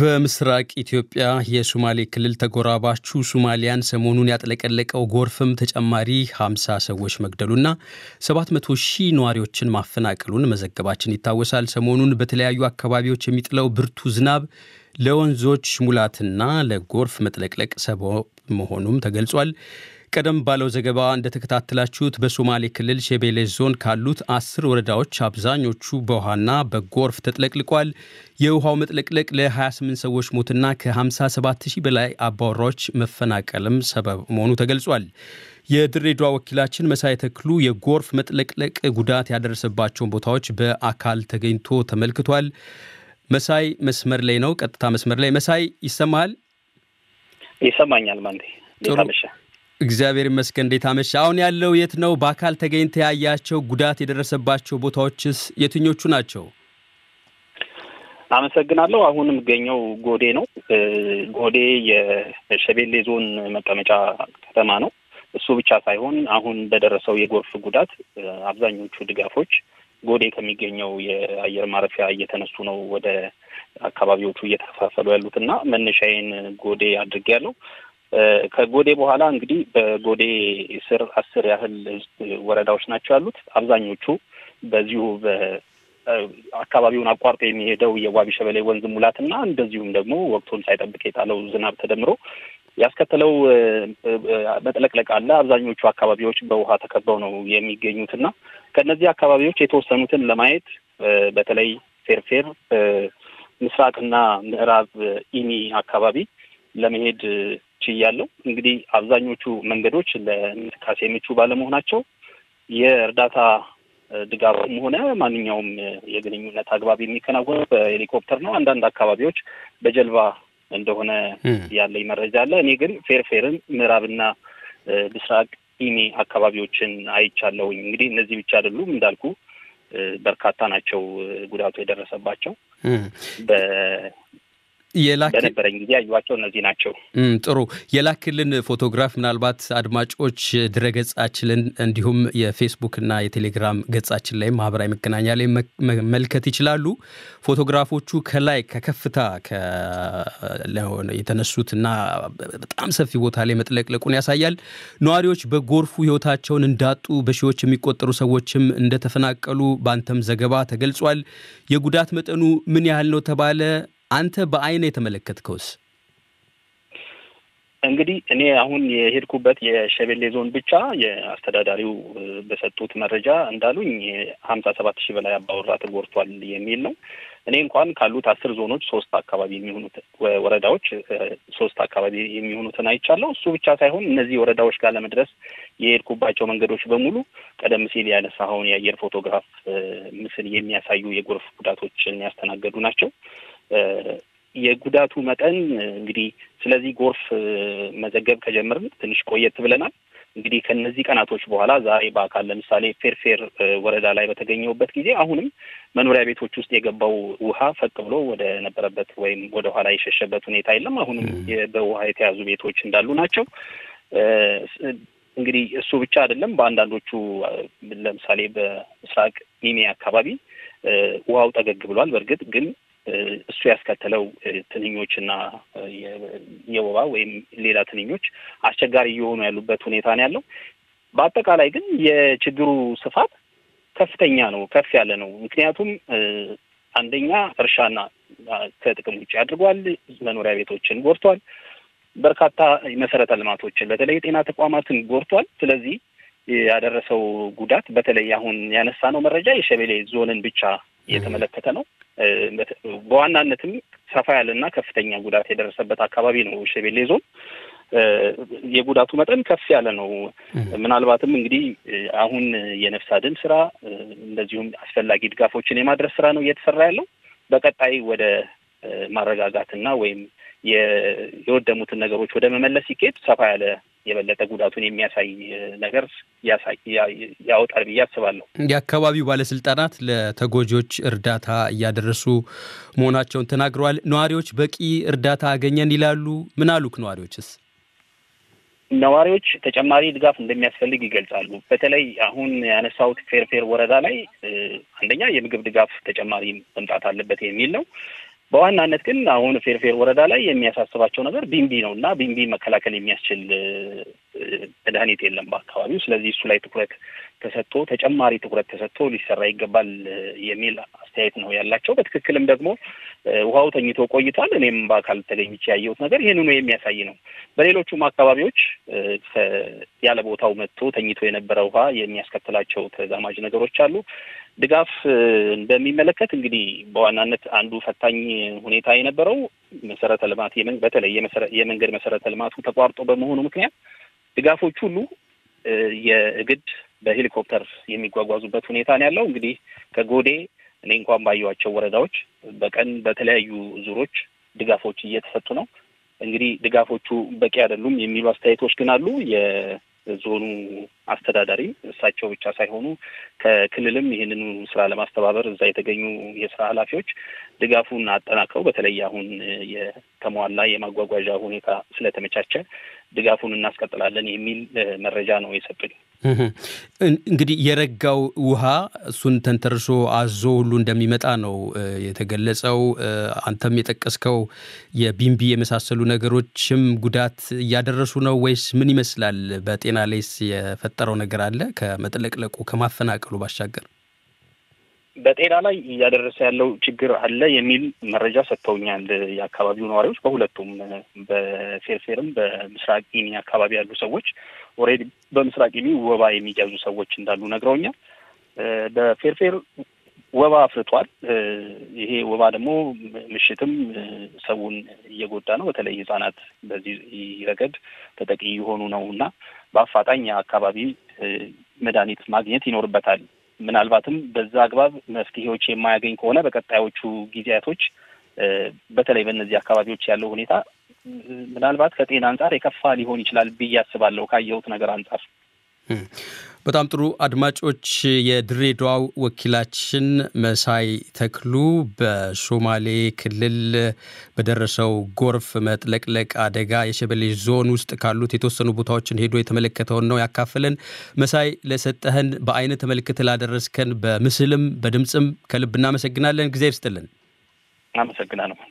በምስራቅ ኢትዮጵያ የሶማሌ ክልል ተጎራባቹ ሱማሊያን ሰሞኑን ያጥለቀለቀው ጎርፍም ተጨማሪ 50 ሰዎች መግደሉና 700 ሺህ ነዋሪዎችን ማፈናቀሉን መዘገባችን ይታወሳል። ሰሞኑን በተለያዩ አካባቢዎች የሚጥለው ብርቱ ዝናብ ለወንዞች ሙላትና ለጎርፍ መጥለቅለቅ ሰበብ መሆኑም ተገልጿል። ቀደም ባለው ዘገባ እንደተከታተላችሁት በሶማሌ ክልል ሸቤሌ ዞን ካሉት አስር ወረዳዎች አብዛኞቹ በውሃና በጎርፍ ተጥለቅልቋል። የውሃው መጥለቅለቅ ለ28 ሰዎች ሞትና ከ57 ሺህ በላይ አባወራዎች መፈናቀልም ሰበብ መሆኑ ተገልጿል። የድሬዳዋ ወኪላችን መሳይ ተክሉ የጎርፍ መጥለቅለቅ ጉዳት ያደረሰባቸውን ቦታዎች በአካል ተገኝቶ ተመልክቷል። መሳይ መስመር ላይ ነው። ቀጥታ መስመር ላይ መሳይ ይሰማል? ይሰማኛል። ማንዴ እግዚአብሔር ይመስገን። እንዴት አመሽ? አሁን ያለው የት ነው? በአካል ተገኝተ ያያቸው ጉዳት የደረሰባቸው ቦታዎችስ የትኞቹ ናቸው? አመሰግናለሁ። አሁን የምገኘው ጎዴ ነው። ጎዴ የሸቤሌ ዞን መቀመጫ ከተማ ነው። እሱ ብቻ ሳይሆን አሁን በደረሰው የጎርፍ ጉዳት አብዛኞቹ ድጋፎች ጎዴ ከሚገኘው የአየር ማረፊያ እየተነሱ ነው ወደ አካባቢዎቹ እየተከፋፈሉ ያሉት እና መነሻዬን ጎዴ ያለው ከጎዴ በኋላ እንግዲህ በጎዴ ስር አስር ያህል ወረዳዎች ናቸው ያሉት። አብዛኞቹ በዚሁ አካባቢውን አቋርጦ የሚሄደው የዋቢ ሸበሌ ወንዝ ሙላትና እንደዚሁም ደግሞ ወቅቱን ሳይጠብቅ የጣለው ዝናብ ተደምሮ ያስከተለው መጥለቅለቅ አለ። አብዛኞቹ አካባቢዎች በውሃ ተከበው ነው የሚገኙትና ከእነዚህ አካባቢዎች የተወሰኑትን ለማየት በተለይ ፌርፌር፣ ምስራቅና ምዕራብ ኢሚ አካባቢ ለመሄድ ችያለሁ። እንግዲህ አብዛኞቹ መንገዶች ለእንቅስቃሴ ምቹ ባለመሆናቸው የእርዳታ ድጋፍም ሆነ ማንኛውም የግንኙነት አግባብ የሚከናወነው በሄሊኮፕተር ነው። አንዳንድ አካባቢዎች በጀልባ እንደሆነ ያለኝ መረጃ አለ። እኔ ግን ፌርፌርን፣ ምዕራብና ምስራቅ ኢሜ አካባቢዎችን አይቻለሁኝ። እንግዲህ እነዚህ ብቻ አይደሉም እንዳልኩ በርካታ ናቸው ጉዳቱ የደረሰባቸው። በነበረኝ ጊዜ ያዩዋቸው እነዚህ ናቸው። ጥሩ የላክልን ፎቶግራፍ ምናልባት አድማጮች ድረገጻችንን እንዲሁም የፌስቡክና የቴሌግራም ገጻችን ላይ ማህበራዊ መገናኛ ላይ መመልከት ይችላሉ። ፎቶግራፎቹ ከላይ ከከፍታ የተነሱት እና በጣም ሰፊ ቦታ ላይ መጥለቅለቁን ያሳያል። ነዋሪዎች በጎርፉ ህይወታቸውን እንዳጡ፣ በሺዎች የሚቆጠሩ ሰዎችም እንደተፈናቀሉ በአንተም ዘገባ ተገልጿል። የጉዳት መጠኑ ምን ያህል ነው ተባለ? አንተ በአይን የተመለከትከውስ? እንግዲህ እኔ አሁን የሄድኩበት የሸቤሌ ዞን ብቻ የአስተዳዳሪው በሰጡት መረጃ እንዳሉኝ ሀምሳ ሰባት ሺህ በላይ አባወራ ተጎድቷል የሚል ነው። እኔ እንኳን ካሉት አስር ዞኖች ሶስት አካባቢ የሚሆኑት ወረዳዎች ሶስት አካባቢ የሚሆኑትን አይቻለሁ። እሱ ብቻ ሳይሆን እነዚህ ወረዳዎች ጋር ለመድረስ የሄድኩባቸው መንገዶች በሙሉ ቀደም ሲል ያነሳኸውን የአየር ፎቶግራፍ ምስል የሚያሳዩ የጎርፍ ጉዳቶችን ያስተናገዱ ናቸው። የጉዳቱ መጠን እንግዲህ ስለዚህ ጎርፍ መዘገብ ከጀመርን ትንሽ ቆየት ብለናል። እንግዲህ ከነዚህ ቀናቶች በኋላ ዛሬ በአካል ለምሳሌ ፌርፌር ወረዳ ላይ በተገኘውበት ጊዜ አሁንም መኖሪያ ቤቶች ውስጥ የገባው ውሃ ፈቅ ብሎ ወደ ነበረበት ወይም ወደ ኋላ የሸሸበት ሁኔታ የለም። አሁንም በውሃ የተያዙ ቤቶች እንዳሉ ናቸው። እንግዲህ እሱ ብቻ አይደለም። በአንዳንዶቹ ለምሳሌ በምስራቅ ሚሜ አካባቢ ውሃው ጠገግ ብሏል። በእርግጥ ግን እሱ ያስከተለው ትንኞችና የወባ ወይም ሌላ ትንኞች አስቸጋሪ እየሆኑ ያሉበት ሁኔታ ነው ያለው። በአጠቃላይ ግን የችግሩ ስፋት ከፍተኛ ነው፣ ከፍ ያለ ነው። ምክንያቱም አንደኛ እርሻና ከጥቅም ውጭ አድርጓል፣ መኖሪያ ቤቶችን ጎድቷል፣ በርካታ መሰረተ ልማቶችን በተለይ የጤና ተቋማትን ጎድቷል። ስለዚህ ያደረሰው ጉዳት በተለይ አሁን ያነሳ ነው መረጃ የሸቤሌ ዞንን ብቻ እየተመለከተ ነው። በዋናነትም ሰፋ ያለና ከፍተኛ ጉዳት የደረሰበት አካባቢ ነው ሸቤሌ ዞን። የጉዳቱ መጠን ከፍ ያለ ነው። ምናልባትም እንግዲህ አሁን የነፍስ አድን ስራ እንደዚሁም አስፈላጊ ድጋፎችን የማድረስ ስራ ነው እየተሰራ ያለው። በቀጣይ ወደ ማረጋጋትና ወይም የወደሙትን ነገሮች ወደ መመለስ ይኬድ ሰፋ ያለ የበለጠ ጉዳቱን የሚያሳይ ነገር ያወጣል ብዬ አስባለሁ። የአካባቢው ባለስልጣናት ለተጎጂዎች እርዳታ እያደረሱ መሆናቸውን ተናግረዋል። ነዋሪዎች በቂ እርዳታ አገኘን ይላሉ። ምን አሉክ ነዋሪዎችስ? ነዋሪዎች ተጨማሪ ድጋፍ እንደሚያስፈልግ ይገልጻሉ። በተለይ አሁን ያነሳሁት ፌርፌር ወረዳ ላይ አንደኛ የምግብ ድጋፍ ተጨማሪ መምጣት አለበት የሚል ነው። በዋናነት ግን አሁን ፌርፌር ወረዳ ላይ የሚያሳስባቸው ነገር ቢምቢ ነው እና ቢምቢ መከላከል የሚያስችል መድኃኒት የለም በአካባቢው። ስለዚህ እሱ ላይ ትኩረት ተሰጥቶ ተጨማሪ ትኩረት ተሰጥቶ ሊሰራ ይገባል የሚል አስተያየት ነው ያላቸው። በትክክልም ደግሞ ውሃው ተኝቶ ቆይቷል። እኔም በአካል ተገኝቼ ያየሁት ነገር ነው የሚያሳይ ነው። በሌሎቹም አካባቢዎች ያለ ቦታው መጥቶ ተኝቶ የነበረ ውሃ የሚያስከትላቸው ተዛማጅ ነገሮች አሉ። ድጋፍ በሚመለከት እንግዲህ በዋናነት አንዱ ፈታኝ ሁኔታ የነበረው መሰረተ ልማት በተለይ የመንገድ መሰረተ ልማቱ ተቋርጦ በመሆኑ ምክንያት ድጋፎች ሁሉ የእግድ በሄሊኮፕተር የሚጓጓዙበት ሁኔታ ነው ያለው። እንግዲህ ከጎዴ እኔ እንኳን ባየኋቸው ወረዳዎች በቀን በተለያዩ ዙሮች ድጋፎች እየተሰጡ ነው። እንግዲህ ድጋፎቹ በቂ አይደሉም የሚሉ አስተያየቶች ግን አሉ። የዞኑ አስተዳዳሪ እሳቸው ብቻ ሳይሆኑ ከክልልም ይህንኑ ስራ ለማስተባበር እዛ የተገኙ የስራ ኃላፊዎች ድጋፉን አጠናክረው በተለይ አሁን የተሟላ የማጓጓዣ ሁኔታ ስለተመቻቸ ድጋፉን እናስቀጥላለን የሚል መረጃ ነው የሰጡኝ። እንግዲህ የረጋው ውሃ እሱን ተንተርሶ አዞ ሁሉ እንደሚመጣ ነው የተገለጸው። አንተም የጠቀስከው የቢምቢ የመሳሰሉ ነገሮችም ጉዳት እያደረሱ ነው ወይስ ምን ይመስላል? በጤና ላይስ የፈጠረው ነገር አለ ከመጥለቅለቁ ከማፈናቀሉ ባሻገር? በጤና ላይ እያደረሰ ያለው ችግር አለ የሚል መረጃ ሰጥተውኛል የአካባቢው ነዋሪዎች። በሁለቱም በፌርፌርም በምስራቅ ኢኒ አካባቢ ያሉ ሰዎች ኦልሬዲ በምስራቅ ኢኒ ወባ የሚያዙ ሰዎች እንዳሉ ነግረውኛል። በፌርፌር ወባ አፍርጧል። ይሄ ወባ ደግሞ ምሽትም ሰውን እየጎዳ ነው። በተለይ ህጻናት በዚህ ረገድ ተጠቂ የሆኑ ነው እና በአፋጣኝ የአካባቢ መድኃኒት ማግኘት ይኖርበታል። ምናልባትም በዛ አግባብ መፍትሄዎች የማያገኝ ከሆነ በቀጣዮቹ ጊዜያቶች በተለይ በእነዚህ አካባቢዎች ያለው ሁኔታ ምናልባት ከጤና አንጻር የከፋ ሊሆን ይችላል ብዬ አስባለሁ ካየሁት ነገር አንጻር። በጣም ጥሩ አድማጮች፣ የድሬዳዋው ወኪላችን መሳይ ተክሉ በሶማሌ ክልል በደረሰው ጎርፍ መጥለቅለቅ አደጋ የሸበሌ ዞን ውስጥ ካሉት የተወሰኑ ቦታዎችን ሄዶ የተመለከተውን ነው ያካፍለን። መሳይ፣ ለሰጠህን በአይነ ተመልክት ላደረስከን በምስልም በድምፅም ከልብ እናመሰግናለን። ጊዜ ይርስጥልን አመሰግናለሁ።